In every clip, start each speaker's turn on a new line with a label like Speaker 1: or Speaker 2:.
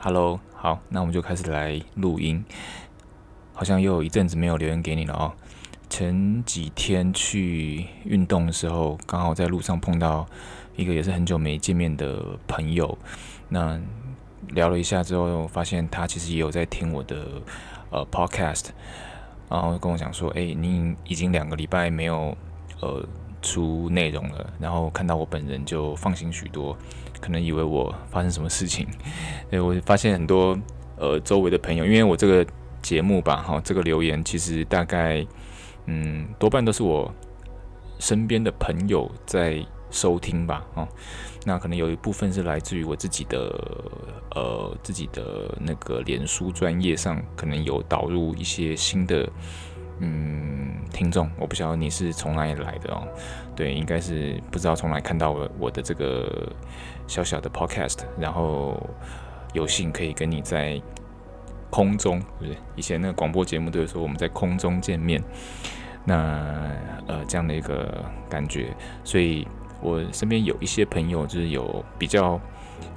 Speaker 1: Hello，好，那我們就開始來錄音。好像又有一陣子沒有留言給你了哦。前幾天去運動的時候，剛好在路上碰到一個也是很久沒見面的朋友，那聊了一下之後，發現他其實也有在聽我的呃 Podcast，然後跟我講說，欸，你已經兩個禮拜沒有呃出內容了，然後看到我本人就放心許多，可能以為我發生什麼事情，所以我發現很多呃周圍的朋友，因為我這個節目吧，哈、喔，這個留言其實大概嗯多半都是我身邊的朋友在收聽吧，哦、喔，那可能有一部分是來自於我自己的呃自己的那個臉書專頁上可能有導入一些新的。嗯，聽眾，我不曉得你是從哪裡來的哦。對，應該是不知道從哪看到我我的這個小小的 podcast，然後有幸可以跟你在空中，對？以前那個廣播節目都有說我們在空中見面，那呃這樣的一個感覺。所以我身邊有一些朋友就是有比較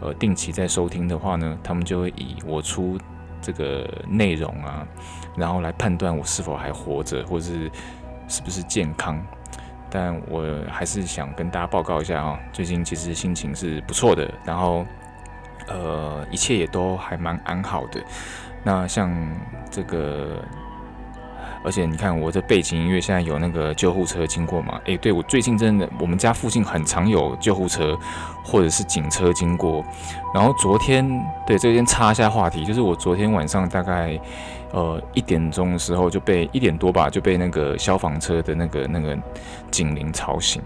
Speaker 1: 呃定期在收聽的話呢，他們就會以我出。這個內容啊，然後來判斷我是否還活着，或者是是不是健康。但我還是想跟大家報告一下啊，最近其實心情是不錯的，然後呃，一切也都還蠻安好的。那像這個。而且你看，我這背景音樂現在有那個救護車經過嘛。誒、欸，對我最近真的，我們家附近很常有救護車或者是警車經過。然後昨天，對，這邊插一下話題，就是我昨天晚上大概呃一點鐘的時候就被一點多吧，就被那個消防車的那個那個警鈴吵醒。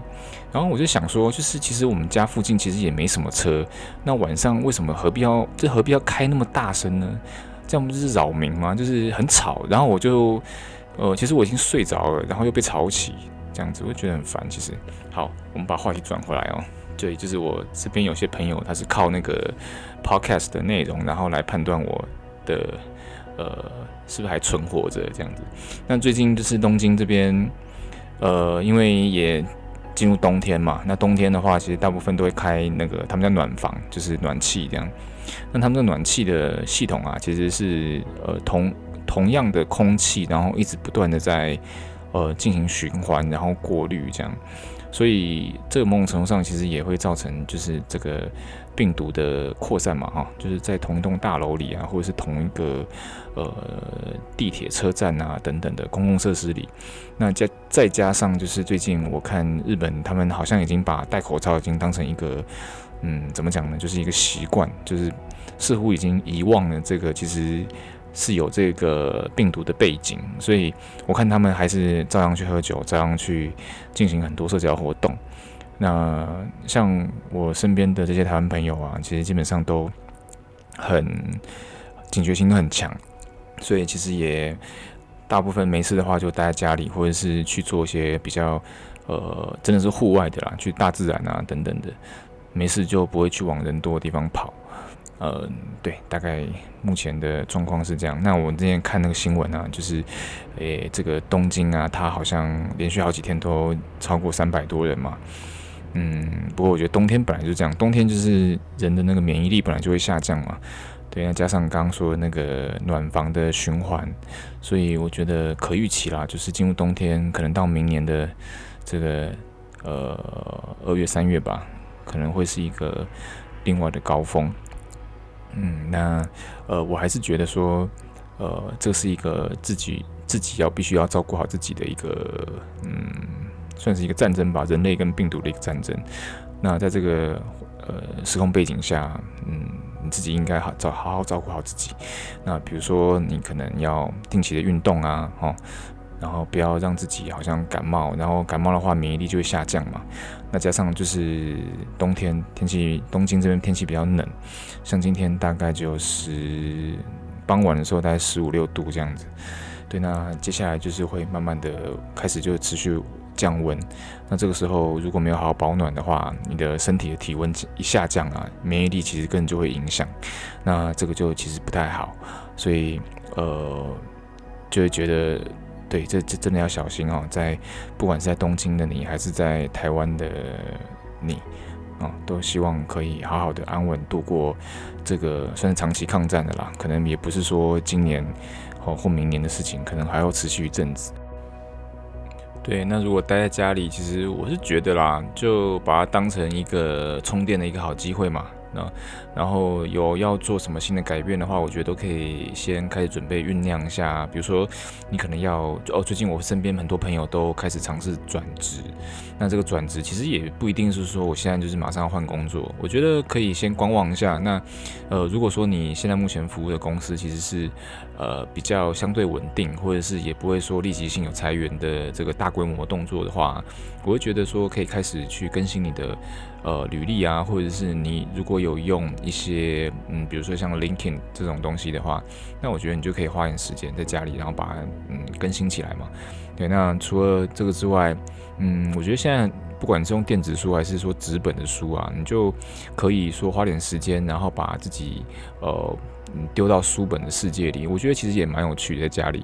Speaker 1: 然後我就想說，就是其實我們家附近其實也沒什麼車，那晚上為什麼何必要這何必要開那麼大聲呢？這樣不是擾民嗎？就是很吵。然後我就。呃，其實我已經睡着了，然後又被吵起，這樣子我會覺得很煩。其實，好，我們把話題轉回來哦。對，就是我這邊有些朋友，他是靠那個 podcast 的內容，然後來判斷我的呃是不是還存活着這樣子。那最近就是東京這邊，呃，因為也進入冬天嘛，那冬天的話，其實大部分都會開那個他們叫暖房，就是暖氣這樣。那他們的暖氣的系統啊，其實是呃通。同同樣的空氣，然後一直不斷的在，呃，進行循環，然後過濾這樣，所以這個某種程度上其實也會造成就是這個病毒的擴散嘛，哈、哦，就是在同一棟大樓裡啊，或者是同一個呃地鐵車站啊等等的公共設施裡，那再再加上就是最近我看日本他們好像已經把戴口罩已經當成一個嗯怎麼講呢，就是一個習慣，就是似乎已經遺忘了這個其實。是有這個病毒的背景，所以我看他們還是照樣去喝酒，照樣去進行很多社交活動。那像我身邊的這些台灣朋友啊，其實基本上都很警覺性都很強，所以其實也大部分沒事的話就待在家裡，或者是去做一些比較呃真的是戶外的啦，去大自然啊等等的，沒事就不會去往人多的地方跑。呃，對，大概目前的狀況是這樣。那我之前看那個新聞啊，就是，誒，這個東京啊，它好像連續好幾天都超過三百多人嘛。嗯，不過我覺得冬天本來就這樣，冬天就是人的那個免疫力本來就會下降嘛。對，那加上剛剛說的那個暖房的循環，所以我覺得可預期啦，就是進入冬天，可能到明年的這個呃二月、三月吧，可能會是一個另外的高峰。嗯，那，呃，我還是覺得說，呃，這是一個自己自己要必須要照顧好自己的一個，嗯，算是一個戰爭吧，人類跟病毒的一個戰爭。那在這個呃時空背景下，嗯，你自己應該好照好，好好照顧好自己。那比如說，你可能要定期的運動啊，哈。然後不要讓自己好像感冒，然後感冒的話免疫力就會下降嘛。那加上就是冬天天氣，東京這邊天氣比較冷，像今天大概就是傍晚的時候大概十五六度這樣子。對，那接下來就是會慢慢的開始就持續降溫。那這個時候如果沒有好好保暖的話，你的身體的體溫一下降啊，免疫力其實更就會影響。那這個就其實不太好，所以呃就會覺得。對，這這真的要小心哦。在不管是在東京的你，還是在台灣的你，啊，都希望可以好好的安穩度過這個算是長期抗戰的啦。可能也不是說今年或或明年的事情，可能還要持續一陣子。對，那如果待在家裡，其實我是覺得啦，就把它當成一個充電的一個好機會嘛。然後有要做什麼新的改變的話，我覺得都可以先開始準備醞釀一下。比如說，你可能要哦，最近我身邊很多朋友都開始嘗試轉職。那這個轉職其實也不一定是說我現在就是馬上要換工作，我覺得可以先觀望一下。那呃，如果說你現在目前服務的公司其實是呃比較相對穩定，或者是也不會說立即性有裁員的這個大規模的動作的話，我會覺得說可以開始去更新你的。呃，履歷啊，或者是你如果有用一些嗯，比如說像 LinkedIn 這種東西的話，那我覺得你就可以花點時間在家裡，然後把它嗯更新起來嘛。對，那除了這個之外，嗯，我覺得現在不管是用電子書還是說紙本的書啊，你就可以說花點時間，然後把自己呃丟到書本的世界裡。我覺得其實也蠻有趣的，在家裡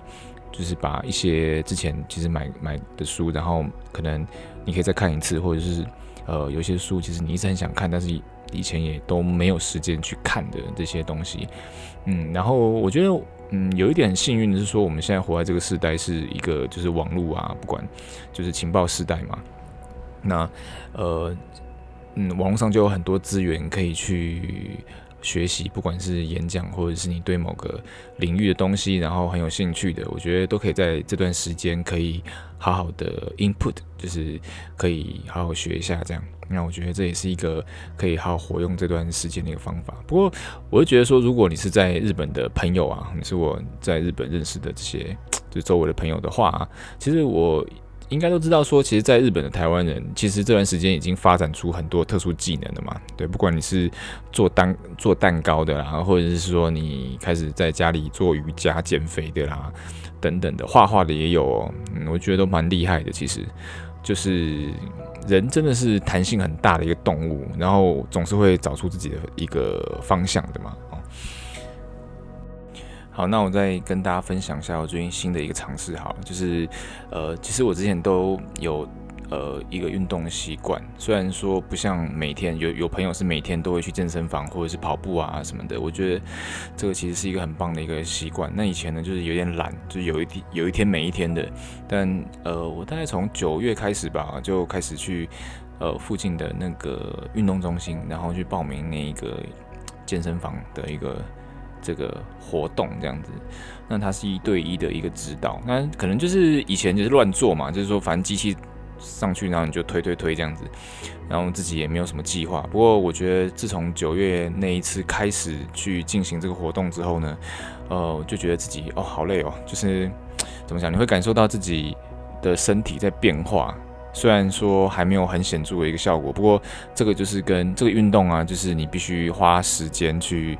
Speaker 1: 就是把一些之前其實買買的書，然後可能你可以再看一次，或者是。呃，有些書其實你一直很想看，但是以前也都沒有時間去看的這些東西，嗯，然後我覺得，嗯，有一點很幸運的是說，我們現在活在這個世代是一個就是網絡啊，不管就是情報時代嘛，那呃，嗯，網絡上就有很多資源可以去。學習，不管是演講，或者是你對某個領域的東西，然後很有興趣的，我覺得都可以在這段時間可以好好的 input，就是可以好好學一下這樣。那我覺得這也是一個可以好好活用這段時間的一個方法。不過，我就覺得說，如果你是在日本的朋友啊，你是我在日本認識的這些就周圍的朋友的話啊，其實我。應該都知道說，其實在日本的台灣人，其實這段時間已經發展出很多特殊技能了嘛。對，不管你是做蛋做蛋糕的啦，或者是說你開始在家裡做瑜伽減肥的啦，等等的，畫畫的也有哦，哦、嗯。我覺得都蠻厲害的其實。就是人真的是彈性很大的一個動物，然後總是會找出自己的一個方向的嘛。哦。好，那我再跟大家分享一下我最近新的一個嘗試，好就是，呃，其實我之前都有呃一個運動習慣，雖然說不像每天有，有朋友是每天都會去健身房或者是跑步啊什麼的，我覺得這個其實是一個很棒的一個習慣。那以前呢，就是有點懶，就是有一天有一天沒一天的，但呃，我大概從九月開始吧，就開始去呃附近的那個運動中心，然後去報名那一個健身房的一個。這個活動這樣子，那它是一對一的一個指導，那可能就是以前就是亂做嘛，就是說反正機器上去，然後你就推推推這樣子，然後自己也沒有什麼計劃。不過我覺得自從九月那一次開始去進行這個活動之後呢，呃，我就覺得自己哦好累哦，就是怎麼講，你會感受到自己的身體在變化。雖然說還沒有很顯著的一個效果，不過這個就是跟這個運動啊，就是你必須花時間去，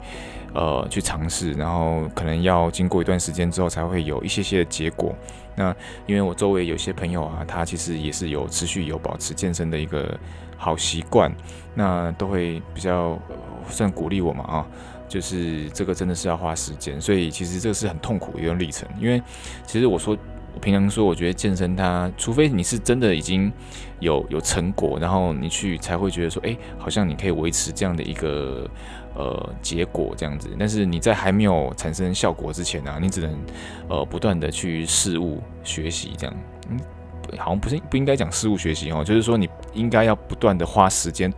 Speaker 1: 呃，去嘗試，然後可能要經過一段時間之後才會有一些些的結果。那因為我周圍有些朋友啊，他其實也是有持續有保持健身的一個好習慣，那都會比較算鼓勵我嘛，啊，就是這個真的是要花時間，所以其實這個是很痛苦的一個歷程，因為其實我說。我平常說，我覺得健身它，除非你是真的已經有有成果，然後你去才會覺得說，誒，好像你可以維持這樣的一個呃結果這樣子。但是你在還沒有產生效果之前呢、啊，你只能呃不斷的去試誤學習這樣。嗯，好像不是不應該講試誤學習哦，就是說你應該要不斷的花時間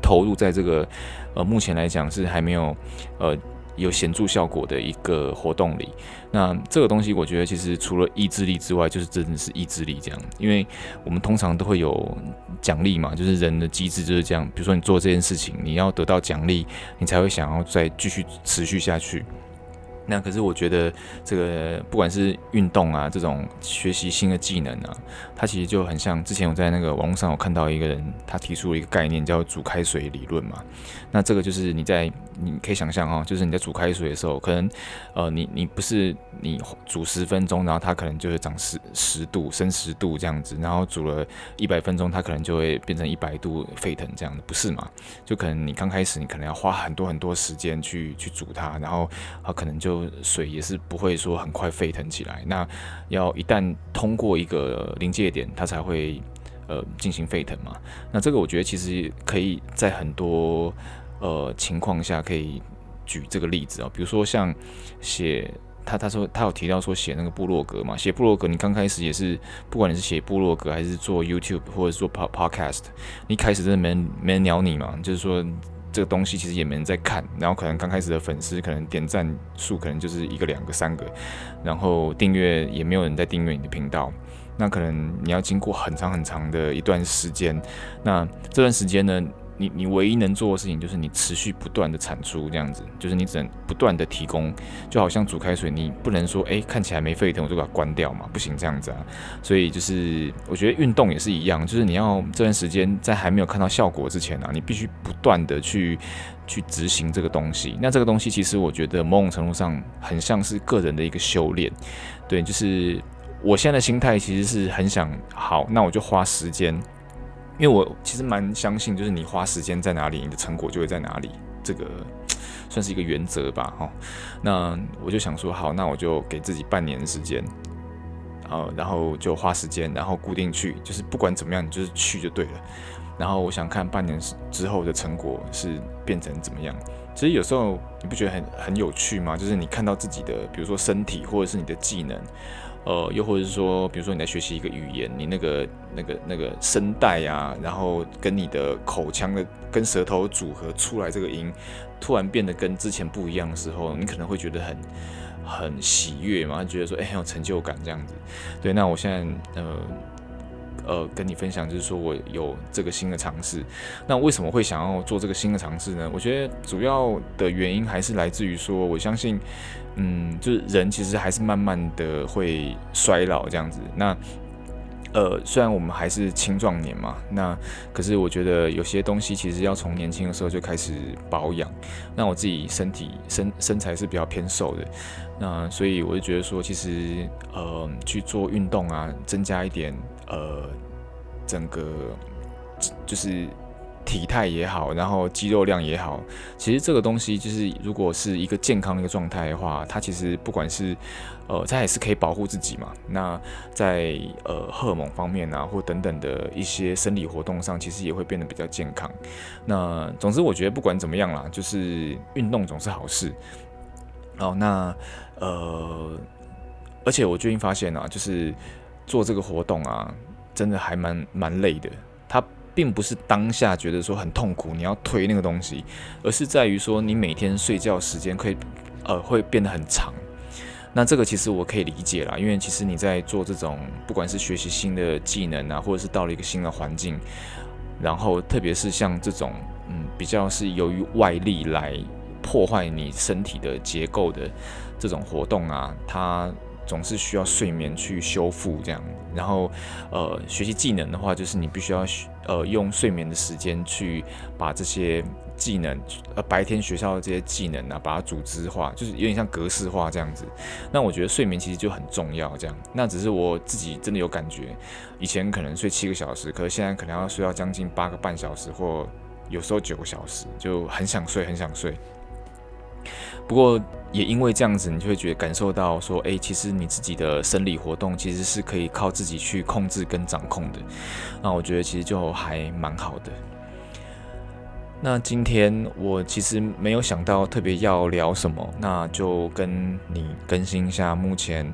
Speaker 1: 投入在這個呃目前來講是還沒有呃。有顯著效果的一個活動裡，那這個東西我覺得其實除了意志力之外，就是真的是意志力這樣。因為我們通常都會有獎勵嘛，就是人的機制就是這樣。比如說你做這件事情，你要得到獎勵，你才會想要再繼續持續下去。那可是我覺得這個不管是運動啊，這種學習新的技能啊，它其實就很像之前我在那個網絡上有看到一個人，他提出了一個概念叫“煮開水理論”嘛。那這個就是你在你可以想象哈、哦，就是你在煮開水的時候，可能呃你你不是你煮十分鐘，然後它可能就會漲十十度升十度這樣子，然後煮了一百分鐘，它可能就會變成一百度沸騰這樣的，不是嘛？就可能你剛開始你可能要花很多很多時間去去煮它，然後啊、呃、可能就。水也是不會說很快沸騰起來，那要一旦通過一個臨界點，它才會呃進行沸騰嘛。那這個我覺得其實可以在很多呃情況下可以舉這個例子啊、哦，比如說像寫他，他說他有提到說寫那個部落格嘛，寫部落格，你剛開始也是不管你是寫部落格還是做 YouTube 或者是做 Podcast，你一開始真的沒人沒人鳥你嘛，就是說。這個東西其實也沒人在看，然後可能剛開始的粉絲可能點贊數可能就是一個兩個三個，然後訂閱也沒有人在訂閱你的頻道，那可能你要經過很長很長的一段時間，那這段時間呢，你你唯一能做的事情就是你持續不斷的產出這樣子，就是你只能不斷的提供，就好像煮開水，你不能說誒，看起來沒沸騰，我就把它關掉嘛，不行這樣子啊，所以就是我覺得運動也是一樣，就是你要這段時間在還沒有看到效果之前啊，你必須不斷的去去執行這個東西。那這個東西其實我覺得某種程度上很像是個人的一個修煉，對，就是我現在的心態其實是很想，好，那我就花時間。因為我其實蠻相信，就是你花時間在哪裡，你的成果就會在哪裡。這個算是一個原則吧，哈。那我就想說，好，那我就給自己半年時間，然後然後就花時間，然後固定去，就是不管怎麼樣，你就是去就對了。然後我想看半年之後的成果是變成怎麼樣。其實有時候你不覺得很很有趣嗎？就是你看到自己的，比如說身體，或者是你的技能。呃，又或者是說，比如說你在學習一個語言，你那個那個那個聲帶啊，然後跟你的口腔的跟舌頭組合出來這個音，突然變得跟之前不一樣的時候，你可能會覺得很很喜悅嘛，覺得說哎、欸、很有成就感這樣子。對，那我現在呃。呃，跟你分享就是說我有這個新的嘗試。那為什麼會想要做這個新的嘗試呢？我覺得主要的原因還是來自於說，我相信，嗯，就是人其實還是慢慢的會衰老這樣子。那呃，雖然我們還是青壯年嘛，那可是我覺得有些東西其實要從年輕的時候就開始保養。那我自己身體身身材是比較偏瘦的，那所以我就覺得說，其實呃，去做運動啊，增加一點。呃，整個就是體態也好，然後肌肉量也好，其實這個東西就是，如果是一個健康的一個狀態的話，它其實不管是呃，它也是可以保護自己嘛。那在呃荷爾蒙方面啊，或等等的一些生理活動上，其實也會變得比較健康。那總之，我覺得不管怎麼樣啦，就是運動總是好事。哦。那呃，而且我最近發現啊，就是。做這個活動啊，真的還蠻蠻累的。它並不是當下覺得說很痛苦，你要推那個東西，而是在於說你每天睡覺時間可以，呃，會變得很長。那這個其實我可以理解啦，因為其實你在做這種，不管是學習新的技能啊，或者是到了一個新的環境，然後特別是像這種，嗯，比較是由於外力來破壞你身體的結構的這種活動啊，它。總是需要睡眠去修復這樣，然後，呃，學習技能的話，就是你必須要，呃，用睡眠的時間去把這些技能，呃，白天學校的這些技能啊，把它組織化，就是有點像格式化這樣子。那我覺得睡眠其實就很重要，這樣。那只是我自己真的有感覺，以前可能睡七個小時，可是現在可能要睡到將近八個半小時，或有時候九個小時，就很想睡，很想睡。不過也因為這樣子，你就會覺得感受到說，誒，其實你自己的生理活動其實是可以靠自己去控制跟掌控的，那我覺得其實就還蠻好的。那今天我其實沒有想到特別要聊什麼，那就跟你更新一下目前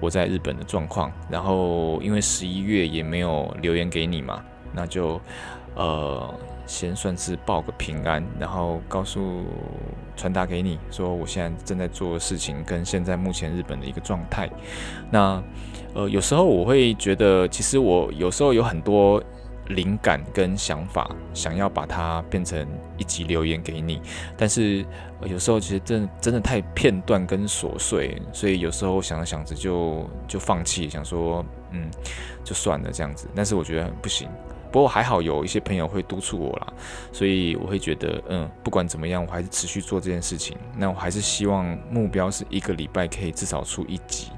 Speaker 1: 我在日本的狀況。然後因為十一月也沒有留言給你嘛，那就，呃。先算是報個平安，然後告訴傳達給你，說我現在正在做的事情跟現在目前日本的一個狀態。那呃，有時候我會覺得，其實我有時候有很多靈感跟想法，想要把它變成一集留言給你，但是，呃，有時候其實真的真的太片段跟瑣碎，所以有時候想着想着就就放棄，想說嗯，就算了這樣子。但是我覺得很不行。不過還好有一些朋友會督促我啦，所以我會覺得，嗯，不管怎麼樣，我還是持續做這件事情。那我還是希望目標是一個禮拜可以至少出一集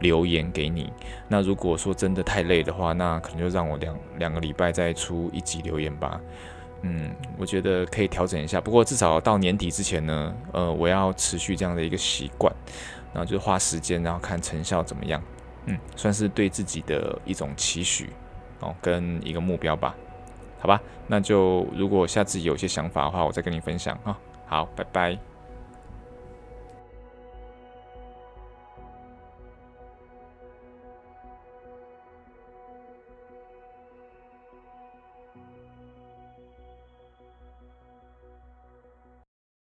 Speaker 1: 留言給你。那如果說真的太累的話，那可能就讓我兩兩個禮拜再出一集留言吧。嗯，我覺得可以調整一下。不過至少到年底之前呢，呃、嗯，我要持續這樣的一個習慣，然後就花時間，然後看成效怎麼樣。嗯，算是對自己的一種期許。哦，跟一個目標吧，好吧，那就如果下次有些想法的話，我再跟你分享啊。好，拜拜。